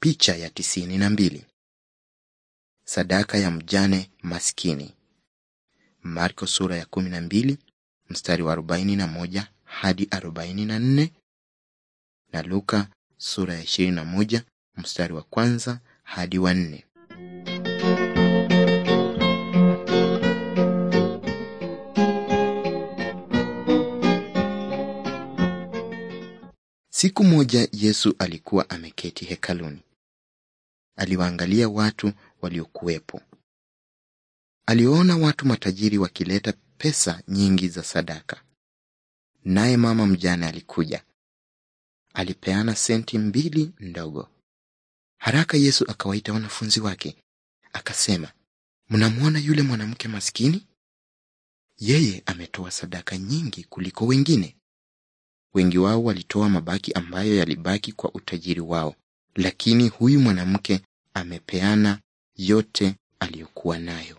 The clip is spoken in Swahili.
Picha ya tisini na mbili. Sadaka ya mjane maskini. Marko sura ya kumi na mbili mstari wa arobaini na moja hadi arobaini na nne na Luka sura ya ishirini na moja mstari wa kwanza hadi wa nne. Siku moja Yesu alikuwa ameketi hekaluni Aliwaangalia watu waliokuwepo. Aliwaona watu matajiri wakileta pesa nyingi za sadaka, naye mama mjane alikuja, alipeana senti mbili ndogo. Haraka Yesu akawaita wanafunzi wake, akasema, mnamwona yule mwanamke maskini? Yeye ametoa sadaka nyingi kuliko wengine. Wengi wao walitoa mabaki ambayo yalibaki kwa utajiri wao, lakini huyu mwanamke amepeana yote aliyokuwa nayo.